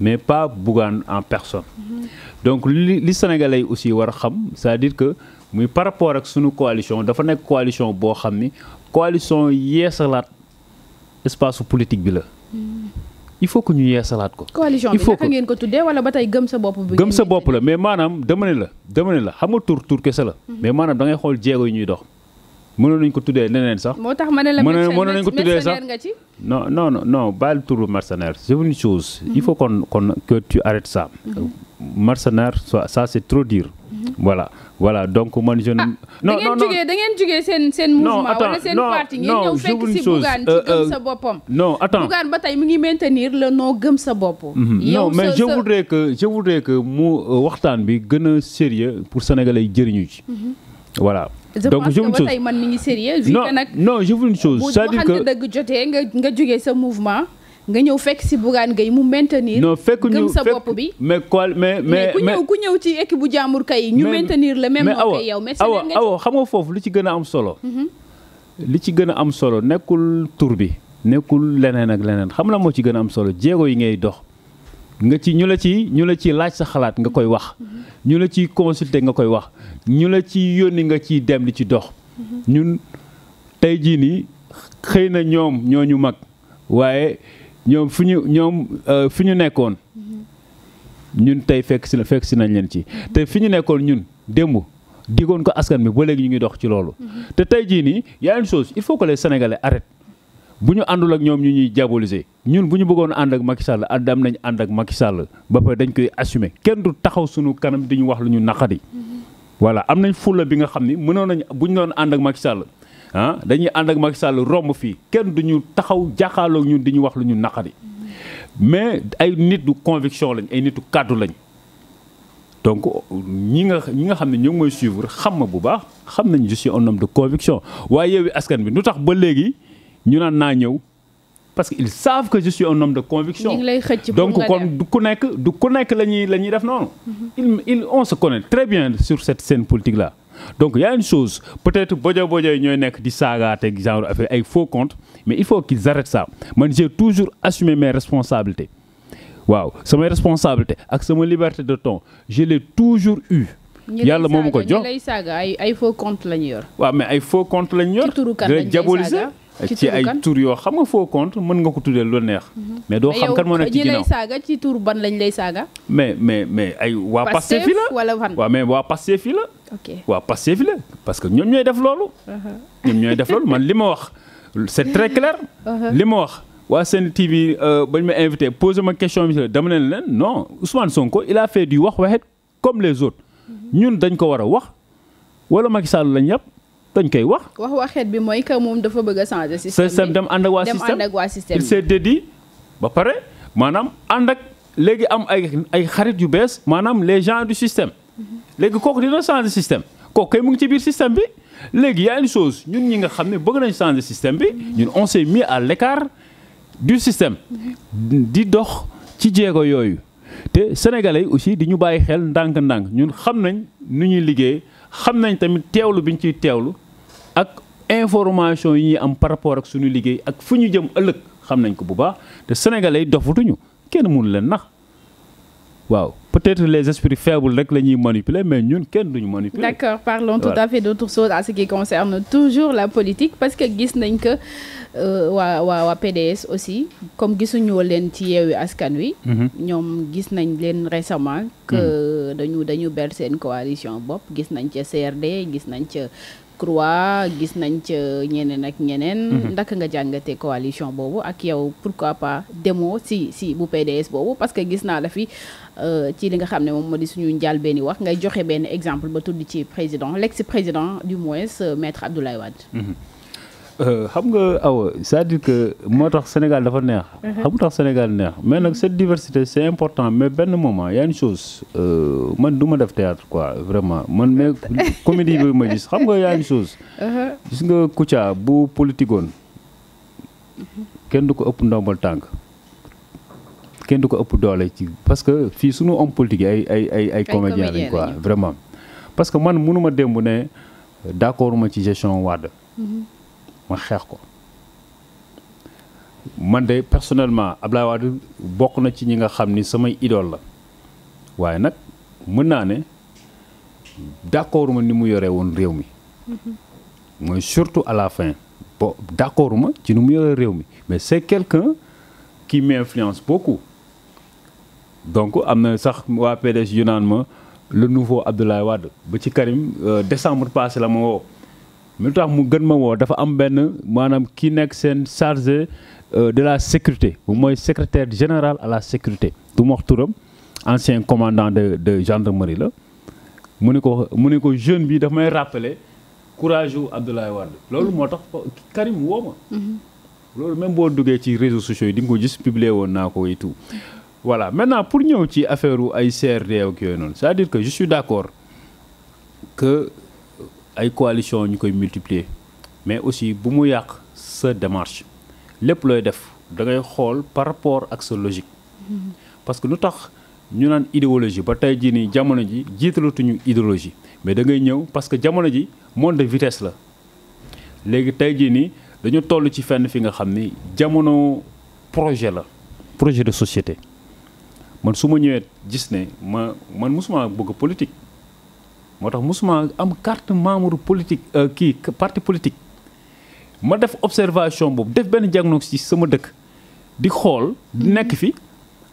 mais pas Bougane en personne mm-hmm. donc li li sénégalais yi aussi war a xam c'est-à-dire que muy par rapport ak suñu coalition dafa nekk coalition boo xam ni coalition yeesalaat espace politique bi la. Hmm. il faut que ñu yeesalaat ko. coalition bi naka ngeen ko tuddee wala ba tey gëm sa bopp bi. gëm sa bopp la mais maanaam demane la dama la xam nga tur tur kese la. Hmm. mais maanaam da ngay xool jéego yi ñuy dox. mënoon nañu ko tuddee neneen sax. moo tax ma ne la mënoon nañu ko tuddee sax no non non baal turu mercenaire c'est une chose. il faut hmm. qu'on qu'on que tu arrêtes mercenaire ça c'est trop dur. Mhm. voilà voilà donc man je. Ah, non non non da ngeen jugee da ngeen jugee seen seen. non mouvement wala seen parti euh, euh, tey mu ngi maintenir le non gëm sa bopp. Mhm. yow non mais mu euh, waxtaan bi gën a sérieux pour sénégalais yi jëriñu ci. Mhm. voilà. man mi ngi sérieux. non non je veux dëgg jotee nga nga sa mouvement. nga ñëw fekk si Bougane Gueye mu maintenir. noo fekk ñu sa bopp bi mais quoi mais mais ku ñëw ku ñëw ci équipe bu jàmbur kay. ñu maintenir la même nom kay yow. mais awa awa xam nga foofu lu ci gën a am solo. Mhm. li ci gën a am solo nekkul tur bi. nekkul leneen ak leneen xam la moo ci gën a am solo jéego yi ngay dox. nga ci ñu la ci ñu la ci laaj sa xalaat nga koy wax. Mhm. ñu la ci consulter nga koy wax. ñu la ci yónni nga ci dem li ci dox. Mhm. ñun tey jii nii xëy na ñoom ñoo ñu mag ñoom fu ñu ñoom euh, fi ñu nekkoon mm-hmm. ñun tey fekk si na fekk si nañ leen ci mm-hmm. te fi ñu nekkoon ñun démb digoon ko askan bi ba léegi ñu ngi dox ci loolu mm-hmm. te tey jii nii y a une il faut que les Sénégalais arrêtent bu ñu àndul ak ñoom ñu ñuy diaboliser ñun bu ñu bëggoon ànd ak Macky Sall àndam nañ ànd ak Macky Sall ba pare dañ koy assumé kenn du taxaw suñu kanam di ñu wax lu ñu naqadi voilà am nañ fulla bi nga xam ni mënoon nañ bu ñu doon ànd ak Macky Sall ah dañuy ànd ak Macky Sall romb fii kenn du ñu taxaw jàkkaarloog ñun di ñu wax lu ñu naqari mais ay nit du conviction lañ ay nitu kàddu lañ donc ñi nga ñi nga xam ne ñoom mooy suivre xam ma bu baax xam nañ je suis un de conviction waaye Yewwi Askan bi lu tax ba léegi ñu naan naa ñëw parce que ils savent que je suis un homme de conviction donc kon du ku nekk du ku nekk la ñuy la ñuy def noonu il mm-hmm. il on très bien sur cette scène politique là donc y a chose peut-être bojo bojo ñooy nekk di saagaate genre affaire ay faux compte mais il faut qu'ils arrêtent ça man j'ai toujours assumé mes responsabilités waaw samay responsabilité ak sama liberté de temps je l'ai toujours eu yàlla moom ko jox ñu lay ay faux la ñu yor waaw mais ay faux compte la ñu yor di jabolise ci ay tur yoo xam nga foo compte mën nga ko tuddee lu neex. Mhm. mais doo xam kan moo nekk ci ginnaaw mais yow ñi lay saaga ci tur mais mais mais ay waa Pastef fi la wala fan waaw mais waa Pastef fi la. ok waa Pastef la parce que ñoom ñooy def loolu. Uh-huh. ñoom ñooy def loolu man li ma wax c'est très clair. Uh-huh. li ma wax waa seen TV euh, bañ ma invité pose ma question bi dama ne leen non Ousmane Sonko il a fait du wax waxet comme les autres mhm. ñun dañ ko war a wax wala Macky Sall lañ yàpp dañ koy wax. wax waxeet bi mooy que moom dafa bëgg a changer système dem ànd ak waa système dem ànd ak waa système il s'est dédié ba pare maanaam ànd ak léegi am ay ay xarit yu bees maanaam les gens du système. Mm-hmm. léegi kooku dina changer système kooku kay mu ngi ci biir système bi léegi y a une chose ñun ñi nga xam ne bëgg nañ changer système bi. Mm-hmm. ñun on s'est mis à l'écart du système. Mm-hmm. di dox ci jéego yooyu. te sénégalais yi aussi di ñu bàyyi xel ndànk-ndànk ñun xam nañ nu ñuy liggéey xam nañ tamit teewlu bi ñu ciy teewlu ak information yi ñuy am par rapport ak suñu liggéey ak fu ñu jëm ëllëg xam nañ ko bu baax te sénégalais yi dofutuñu kenn mënu leen nax waaw peut-être les esprits faibles rek la ñuy manipuler mais ñun kenn duñu manipuler. d'accord parlons tout à fait d'autre chose à ce qui concerne toujours la politique parce que gis nañ que euh, waa waa waa PDS aussi comme gisuñu woon leen ci yeewi askan wi. Mhm. ñoom gis nañ leen récemment. que mhm. dañu dañu ber seen coalition bopp gis nañ ca CRD croix gis nañ ca ñeneen ak ñeneen. Mhm. ndaka nga jàngatee coalition boobu ak yow pourquoi pas demoo si si bu PDS boobu parce que gis naa la fi euh, ci li nga xam ne moom moo di suñu njaal benn wax ngay joxe benn exemple ba tudd ci président l'ex président du moins euh, maître Abdoulaye Wade. Mhm. Euh, xam nga aw sa dire que moo tax Sénégal dafa neex. Mhm. xamu tax Sénégal neex mais nag cette diversité c'est important mais benn moment y a une euh, man du ma def théâtre quoi vraiment man mais comédie bi ma gis xam nga y a mhm. bu politikoon kenn du ko ëpp ndombal tànk kenn du ko ëpp doole ci parce que fii sunu homme politique ay ay ay ay comédien lañ quoi vraiment parce que man mënuma démb ne d'accord ma ci gestion Wade. Mhm. ma xeex ko man de personnellement Ablaye Wade bokk na ci ñi nga xam ni samay idole la waaye nag mën naa ne d'accord ma ni mu yore woon réew mi mm-hmm. mooy surtout à la fin bon d'accord ma ci ni mu yore réew mi mais c'est quelqu'un qui m'influence beaucoup donc am na sax waa PDS yu naan ma le nouveau Abdoulaye Wade ba ci Karim euh, décembre passé la ma woo lu tax mu gën ma woo dafa am benn maanaam kii nekk seen chargé euh, de la sécurité mooy secrétaire général à la sécurité du ma wax turam ancien commandant de de gendarmerie la mu ni ko mu ni ko jeune bi dafa may rappeler courage wu Abdoulaye Wade loolu moo tax Karim woo ma mm-hmm. loolu même boo duggee ci réseau sociaux yi di ko gis publier woon naa ko et tout voilà maintenant pour ñëw ci affaire ay CRD ak yooyu noonu c'est-à-dire que je suis d'accord ay coalition ñu koy multiplier mais aussi bu mu yàq sa démarche lépp looy def da ngay xool par rapport ak sa logique parce que lu tax ñu naan idéologie ba tey jii nii jamono ji jiitalatuñu idéologie mais da ngay ñëw parce que jamono ji monde de vitesse la léegi tey jii nii dañu toll ci fenn fi nga xam ni jamono projet la projet de société man su ma ñëwee gis ne ma man mosuma bëgg politique moo tax mosuma am carte membre politique euh, kii parti politique ma def observation boobu def benn diagnostic ci sama dëkk di xool di mhm. nekk fi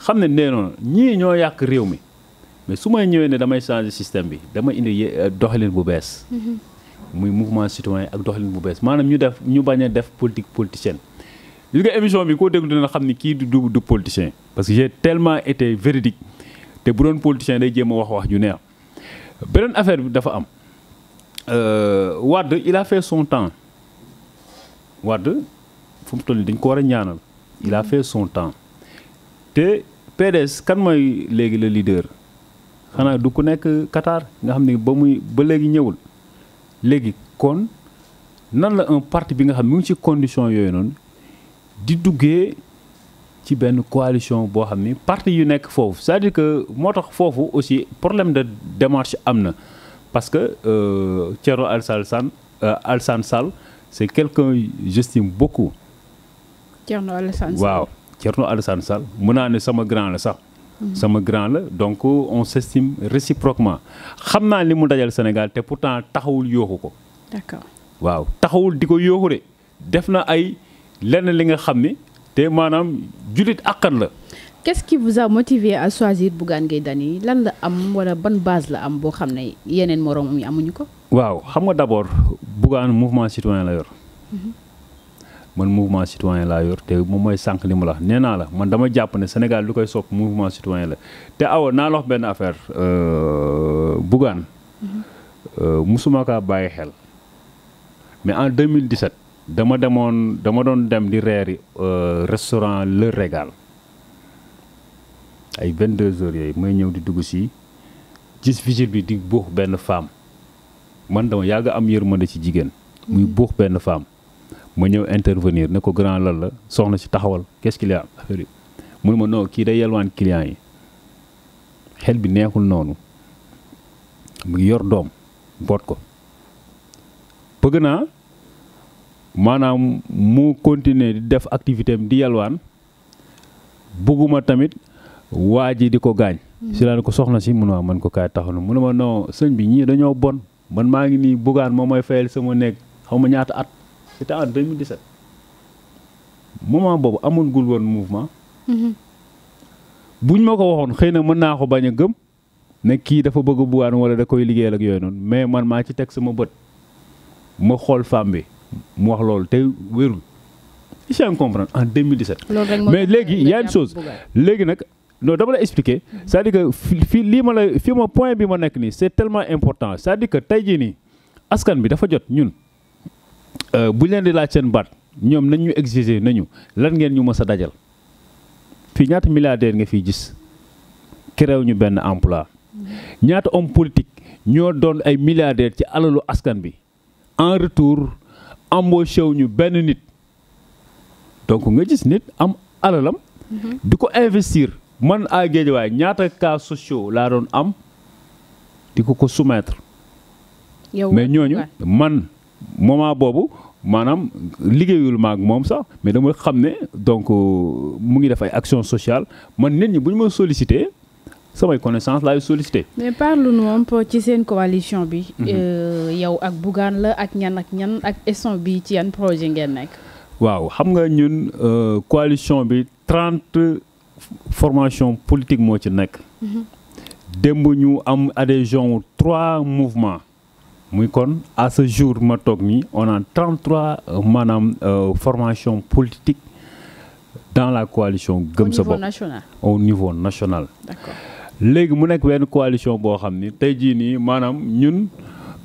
xam ne nee noonu ñii ñoo yàq réew mi mais su may ñëwee ne damay changer système bi dama indi euh, doxalin bu bees mhm. muy mouvement citoyen ak doxalin bu bees maanaam ñu def ñu bañ a def politique politicienne gis nga émission bi koo déglu dina xam ni kii du du politicien parce que j'ai tellement été véridique te bu doon politicien day jéem a wax wax ju neex beneen affaire bi dafa am euh, Wade il a fait son temps Wade fu mu toll nii dañ ko war a ñaanal il a fait son temps te PDS kan mooy léegi la leader xanaa du ku nekk Qatar nga xam ne ba muy ba léegi ñëwul léegi kon nan la un parti bi nga xam mu ngi ci condition yooyu noonu di duggee. ci benn coalition boo xam ni parti yu nekk foofu c'est-à-dire que moo tax foofu aussi problème de démarche am na parce que euh, Thierno Alassane Sall euh, Alassane Sall c'est quelqu'un j'estime beaucoup. Thierno Alassane Sall waaw Thierno Alassane Sall mun naa ne sama grand la sax. Mm-hmm. sama grand la donc on s'estime réciproquement xam naa li mu dajal Sénégal te pourtant taxawul yooxu ko. waaw taxawul di ko yooxu de def na ay lenn li nga xam ni. te maanaam jullit àqan la. qu'est-ce qui vous a motivé à choisir Bougane Gueye Dany lan la am wala ban base la am boo xam ne yeneen moroomam yi amuñu ko. waaw xam nga d'abord Bougane mouvement citoyen la yor. Mhm. man mouvement citoyen laa yor te moom mooy sànq li mu la nee naa la man dama jàpp ne Sénégal lu koy sopp mouvement citoyen la te awa naa la benn affaire euh, Bougane mhm. euh, musuma kaa bàyyi xel mais en 2017. dama demoon dama doon dem di reeri euh, restaurant Le Régal ay 22 heures yooyu may ñëw di dugg si gis vigile bi di buux benn femme man dama yàgg am yërmande ci jigéen. muy buux benn femme. ma ñëw intervenir ne ko grand lan la soxna si taxawal kes ce qu'il y ma non kii day yelwaan client yi xel bi neexul noonu mu ngi yor doom boot ko bëgg naa. maanaam mu continuer di def activité di yalwaan bugguma tamit waa ji di ko gaañ. Hmm. si laan ko soxna si mun naa man ko kaay taxaw na mu ne ma non sëñ bi ñii dañoo bon man maa ngi nii bugaan moom mooy fayal sama néeg xaw ma ñaata at. c'était en 2017 moment boobu amul gul woon mouvement. Mm-hmm. buñ ma ko waxoon xëy na mën naa ko bañ a gëm. ne kii dafa bëgg bugaan wala da koy liggéeyal ak yooyu noonu mais man maa ci teg sama bët ma xool femme bi. mu wax loolu te wérul si yaa ngi comprendre en 2017. mais léegi y a léegi nag non dama la expliquer mm-hmm. c'est-à-dire que fii lii ma la fii ma point bi ma nekk nii c'est tellement important c'est-à-dire que tey jii nii askan bi dafa jot ñun euh, bu leen di laaj seen baat ñoom nañ ñu nañu lan ngeen ñu mës a dajal fii ñaata milliardaire nga fiy gis créé ñu benn emploi mm-hmm. ñaata om politique ñoo doon ay milliardaire ci alalu askan bi en retour. embauché wu ñu benn nit donc nga gis nit am alalam. Mm-hmm. di ko investir man à Guédiawaye ñaata cas sociaux laa doon am di ko ko soumettre. mais ñooñu man moment boobu maanaam liggéeyul ma ak moom sax mais dama xam ne donc euh, mu ngi def ay action sociale man nit ñi bu ñu ma sollicité. samay connaissance laay sollicité. mais parle-nous un peu ci seen coalition bi. Mhm. Euh, yow ak Bougane la ak ñan ak ñan ak eston bi ci yan projet ngeen nekk. waaw xam nga ñun euh, coalition bi trente formation politique moo ci nekk. Mhm. démb ñu am adhésion wu trois mouvements. muy kon à ce jour ma toog nii on a 33 euh, maanaam formation politique dans la coalition. gëm sa bopp au niveau national. léegi mu nekk wenn coalition boo xam ni tey jii nii maanaam ñun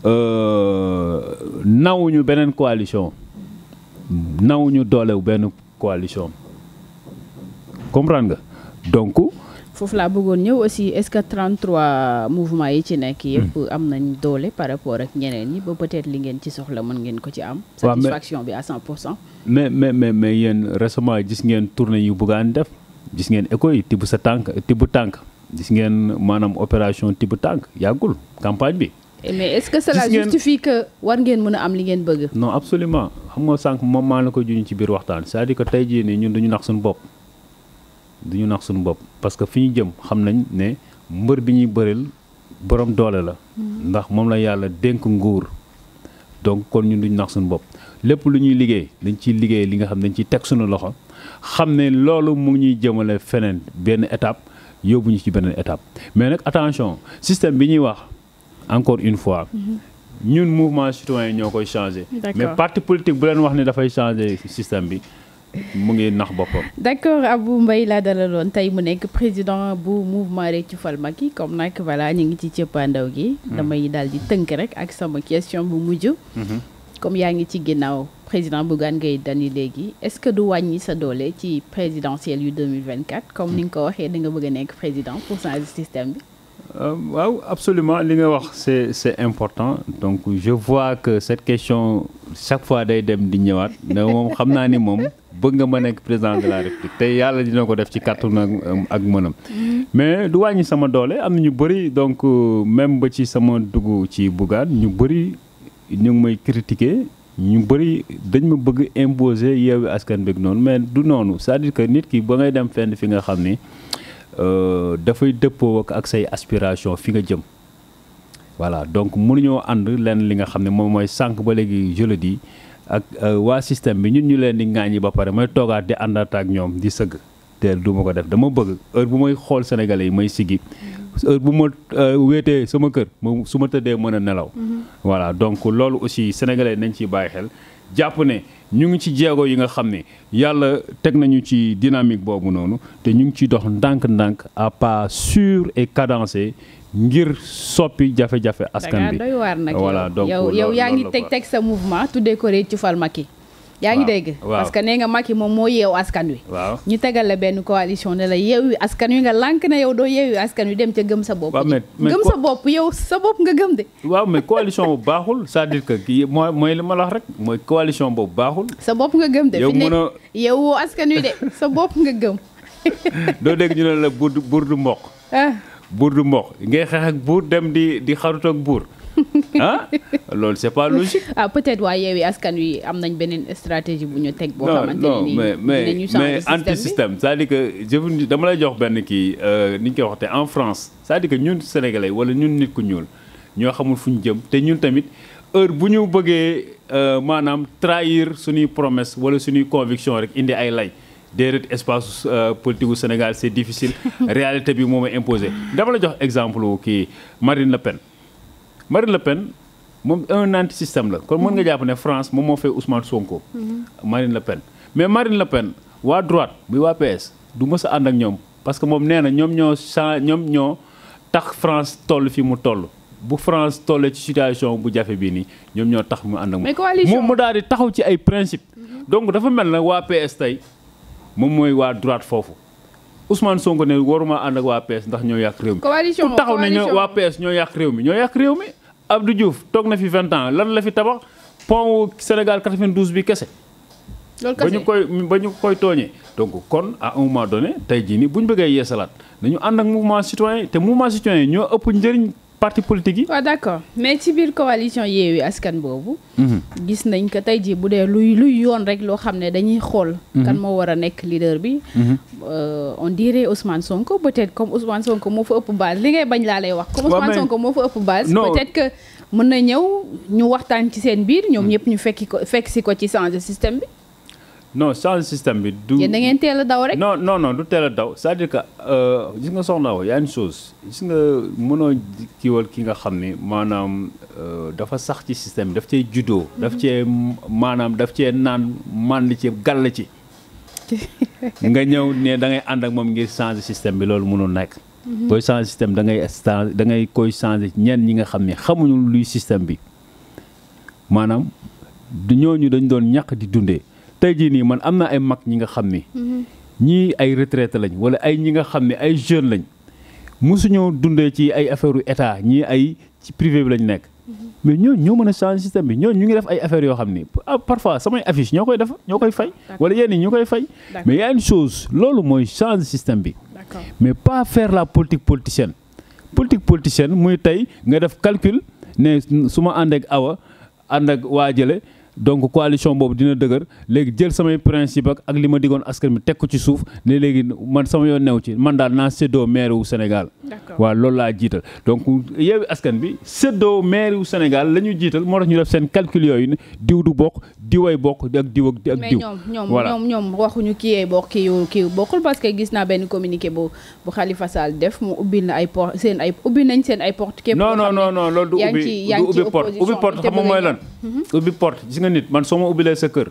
euh, nawuñu beneen coalition nawuñu doolewu benn coalition comprendre nga donc. foofu laa bëggoon ñëw aussi est-ce que 33 mouvement yi ci nekk. yëpp hmm. am nañ doole par rapport ak ñeneen ñi ba peut li ngeen ci soxla mën ngeen ko ci am. satisfaction bi à 100 pour cent. mais mais mais mais yéen récemment gis ngeen tournée yu buggaan def gis ngeen écho yi tibb sa tànk tibb tànk. gis ngeen maanaam opération tibb tànk yàggul campagne bi. Eh, mais est-ce que cela justifie que war ngeen mën a am li ngeen bëgg. no absolument xam nga sànq moom maa la ko juñ ci biir waxtaan cest à ko tey jii nii ñun duñu nax suñu bopp. duñu nax suñu bopp parce que fi ñu jëm xam nañ ne mbër bi ñuy bëril borom doole la. Hmm. ndax moom la yàlla dénk nguur. donc kon ñun duñu nax suñu bopp lépp lu ñuy liggéey dañ ciy liggéey li nga xam dañ ciy teg sunu loxo xam ne loolu ñuy jëmale feneen benn étape. yóbbu ñu ci beneen étape mais nag attention système bi ñuy wax encore une fois ñun mouvement citoyen ñoo koy changé mais parti politique bu leen wax ne dafay changé système bi mu ngi nax boppam. d'accord Abou mbay laa dalaloon tey mu nekk président bu mouvement ci Fal Macky comme nag voilà ñu ngi ci cëppaandaw gi. Hmm. damay daal di tënk rek ak sama question bu mujj. Hmm. comme yaa ngi ci ginnaaw président Bougane Gueye Dany léegi est que du wàññi sa doole ci présidentielle yu 2024 comme ni nga ko waxee da bëgg a nekk président pour changer système bi. Euh, waaw absolument li nga wax c'est c'est important donc je vois que cette question chaque fois day dem di ñëwaat ne moom xam naa ni moom bëgg nga ma nekk président de la république te yàlla dina ko def ci kàttan ak mënam mais du wàññi sama doole am na ñu bëri donc euh, même ba ci sama dugg ci Bougane ñu ñu ngi may critiquer ñu bëri dañ ma bëgg imposer yeewu askan bi noonu mais du noonu c'est-à-dire que nit ki ba ngay dem fenn fi nga xam ni euh, dafay dëppoo ak say aspiration fi nga jëm voilà donc mënuñoo ànd lenn li nga xam ne moom mooy sànq ba léegi je le dis ak euh, waa système bi ñun ñu leen di ŋaañi ba pare may toogaat di àndaat ak ñoom di sëgg te du ma ko def dama bëgg heure bu may xool sénégalais yi may siggi heure bu ma euh, wéetee sama kër moom su ma tëddee mën nelaw. Mm-hmm. voilà donc loolu aussi sénégalais nañ ciy bàyyi xel jàpp ne ñu ngi ci jéego yi nga xam ne yàlla teg nañu ci dynamique boobu noonu te ñu ngi ciy dox ndànk-ndànk à pas sûr et cadencé. ngir soppi jafe-jafe askan bi da doy waar yaa ngi teg teg sa mouvement tuddee ko réccu fal Macky yaa ngi dégg parce que nee nga mag Macky moom moo yeew askan wi waaw ñu tegal la benn coalition ne la yeew askan wi nga lànk na yow doo yeew askan wi dem ca gëm sa bopp gëm sa bopp yow sa bopp nga gëm de waaw mais coalition bu baaxul cest à que kii mooy mooy li ma la rek mooy coalition boobu baaxul sa bopp nga gëm de fi ne yow woo askan wi de sa bopp nga gëm doo dégg ñu ne la burdu burdu mboq ah. du mboq ngay xeex ak buur dem di di xarut ak buur ah loolu c'est pas logique. ah peut-être waa Yewwi Askan Wi am nañ beneen stratégie bu ñu teg. boo xamante ni mais mais mais anti système cest à dama lay jox benn kii euh, ni ñu koy waxte en France cest à ñun sénégalais wala ñun nit ku ñuul ñoo xamul fu ñu jëm te ñun tamit heure bu ñu bëggee euh, maanaam trahir suñuy promesse wala suñuy conviction rek indi ay lay. déedéet espace euh, politique gu Sénégal c'est difficile réalité bi moo may imposé dama la jox exemple kii Marine Le Marine Le Pen moom un anti-système la kon mën nga mhm. jàpp ne France moom moo fay Ousmane Sonko. Mhm. Marine Le Pen mais Marine Le Pen waa droite bi waa PS du mës a ànd ak ñoom parce que moom nee na ñoom ñoo chang ñoom ñoo tax France toll fi mu toll. bu France tollee ci situation bu jafe bii nii ñoom ñoo tax mu ànd ak moom mu daal di taxaw ci ay principe mhm. donc dafa mel na waa tey moom mooy waa droite foofu Ousmane Sonko ne waruma ànd ak waa PS ndax ñoo yàq réew mi. coalition taxaw ne ñoo waa PS ñoo yàq réew ñoo yàq réew mi. Abdou Diouf toog na fi 20 ans lan la fi tabax pont Sénégal 92 bi kese. loolu ba ñu koy ba ñu koy tooñee. donc kon a un moment donné tey jii nii bu ñu bëggee yeesalaat nañu ànd ak mouvement citoyen te mouvement citoyen ñoo ëpp njëriñ. parti politique yi. d' accord mais ci biir coalition Yewwi Askan boobu. Mhm. gis nañ ko tey jii bu dee luy luy yoon rek loo xam ne dañuy xool. Mhm. kan moo war a nekk leader bi. Mhm. Euh, on dire Ousmane Sonko peut être comme Ousmane Sonko moo fa ëpp base li ngay bañ laa lay wax. comme Ousmane Sonko moo fa ëpp base. peut être que mën na ñëw ñu waxtaan ci seen biir. ñoom ñëpp ñu fekki ko fekk si ko ci changer système bi. non change système bi. du yéen da a daw rek. non non non du teel daw c'est-à-dire que euh, gis nga soxna Awa y a une chose gis nga mënoo kiiwal ki nga xam ne maanaam euh, dafa sax ci système bi daf cee juddoo. daf cee maanaam daf cee naan mànd ci gàll ci. nga ñëw ne da ngay ànd ak moom ngir changer système bi loolu mënul nekk. Mhm. booy changer système da ngay stan da ngay koy changer ñenn ñi nga xam ne xamuñu luy système bi maanaam ñooñu dañ doon ñàkk di dundee. tey jii nii man am na ay mag ñi nga xam ni. Mm-hmm. ñii ay retraité lañ wala ay ñi nga xam ne ay jeunes lañ mosuñoo dundee ci ay affaire état ñii ay ci privé bi lañ nekk. Mm-hmm. mais ñooñu ñoo mën a change système bi ñoo ñu ngi def ay affaires yoo xam ni ah, parfois samay affiche ñoo koy def ñoo koy fay. wala yenn ñu koy fay. mais y a une loolu mooy changer système bi. mais pas faire la politique politicienne. politique politicienne muy tey nga def calcul ne su ma ànd ak awa ànd ak waajale donc coalition boobu dina dëgër léegi jël samay principe ak ak li ma digoon askan bi teg ko ci suuf ne léegi man sama yoon new ci man daal naa séddoo maire wu Sénégal. waaw loolu laa jiital donc yeewi askan bi seddoo maire wu Sénégal la ñu jiital moo tax ñu def seen calcul yooyu ne diw du bokk diway bokk ak diw ak diw. mais ñoom ñoom ñoom waxuñu kii yee bokk kii yu kii bokkul parce que gis naa benn communiqué bu bu Khalifa Sall def mu ubbil ay port seen ay ubbi nañ seen ay porte. képp koo nit man soo ma ubbilee sa kër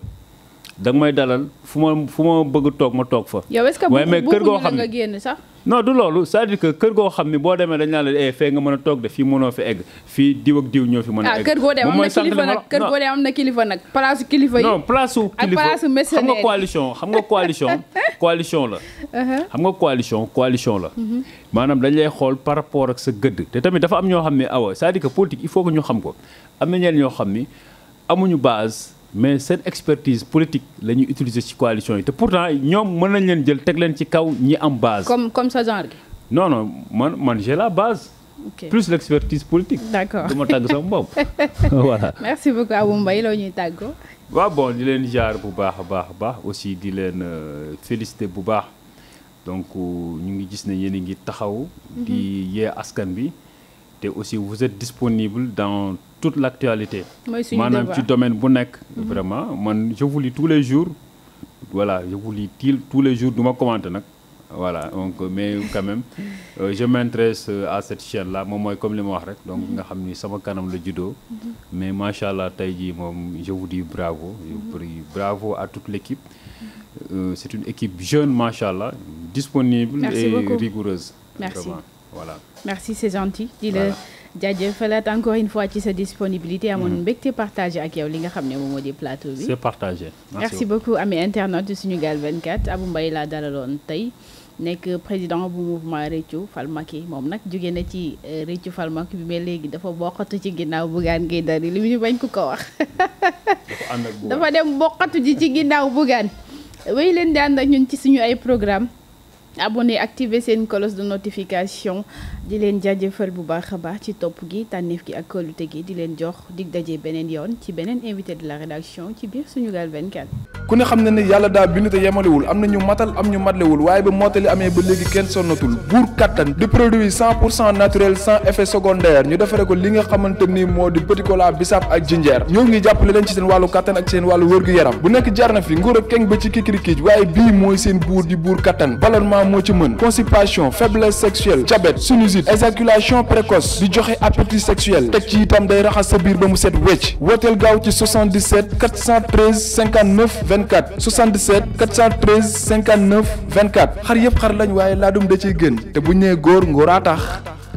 da nga may dalal fu ma fu ma bëgg toog ma toog fa. yow est-ce que kër goo xam ne nga génn sax. non du loolu c'est-à-dire que kër goo xam ne boo demee dañ la eh fee a a ah, egg. kër la. Uh-huh. xam nga coalition coalition la. Mm-hmm. maanaam dañ lay xool par rapport ak sa gëdd. te tamit dafa am ñoo xam ne awa c'est-à-dire que politique ñu xam ko am na ñenn ñoo xam ni amuñu base mais seen expertise politique la ñuy utiliser ci coalition yi te pourtant ñoom mën nañ leen jël teg leen ci kaw ñi am base. comme comme sa gi. non non man man j'ai la base. Okay. plus l'expertise politique. d'accord du ma tàgg sama bopp voilà. merci beaucoup Abou Mbaye loo ñuy tàggoo. waaw bon di leen jaar bu baax a baax a baax aussi di leen euh, féliciter bu baax donc euh, ñu ngi gis ne yéen a ngi taxaw. di mhm. yee askan bi te aussi vous êtes disponible dans. toute l' actualité. maanaam ci domaine bu nekk. vraiment man je vous lis tous les jours. voilà je vous lis tous les jours du ma commenté nag. voilà donc mais quand même euh, je m'intéresse euh, à cette chaîne là moom mooy comme li ma wax rek donc nga xam ni sama kanam la judo mais macha allah tey jii moom je vous dis bravo je vous dis bravo à toute l'équipe euh, c'est une équipe jeune macha allah disponible merci et rigoureuse vraiment voilà merci c'est gentil jaajëfalaat encore une fois ci sa disponibilité mhm. amoon mbégte partagé ak yow li nga xam ne moom moo di plateau bi. c'est partagé merci beaucoup amee internet de Sunugal 24 Abou Mbaye laa dalaloon tey nekk président bu mouvement Réccu Falmaki moom nag jóge na ci euh, Réccu Falmaki bi mais léegi dafa bokkatu ci ginnaaw Bougane Gueye Dany li mu ñu bañ ko ko wax. dafa dem bokkatu ji ci ginnaaw Bougane. wéy leen di ànd ak ñun ci suñu ay programme abonné activer seen cloche de notification. di leen jaajëfal bu baax a baax ci topp gi tànneef gi ak kóolute gi di leen jox dig daje beneen yoon ci beneen invité de la rédaction ci biir Sunugal 24. ku ne xam na ne yàlla daal bindu te yemalewul am na ñu matal am ñu matlewul waaye ba mottali amee ba léegi kenn sonnatul buur kattan di produit cent pour cent naturel sans effet secondaire ñu defare ko li nga xamante ni moo di petit cola bisaab ak jinjeer ñoo ngi jàppale leen ci seen wàllu kattan ak seen wàllu wërgu yaram bu jar na fi nguur ak keng ba ci kikirikiij waaye bii mooy seen buur di buur moo ci mën constipation faiblesse sexuelle diabète sinusite réussite éjaculation précoce di joxe appétit sexuel teg ci itam day raxas sa biir ba mu set wecc wooteel gaaw ci 77 413 59 24 77 413 59 24 xar yëpp xar lañ waaye laa dum da ciy gën te bu ñu nee góor ngóoraa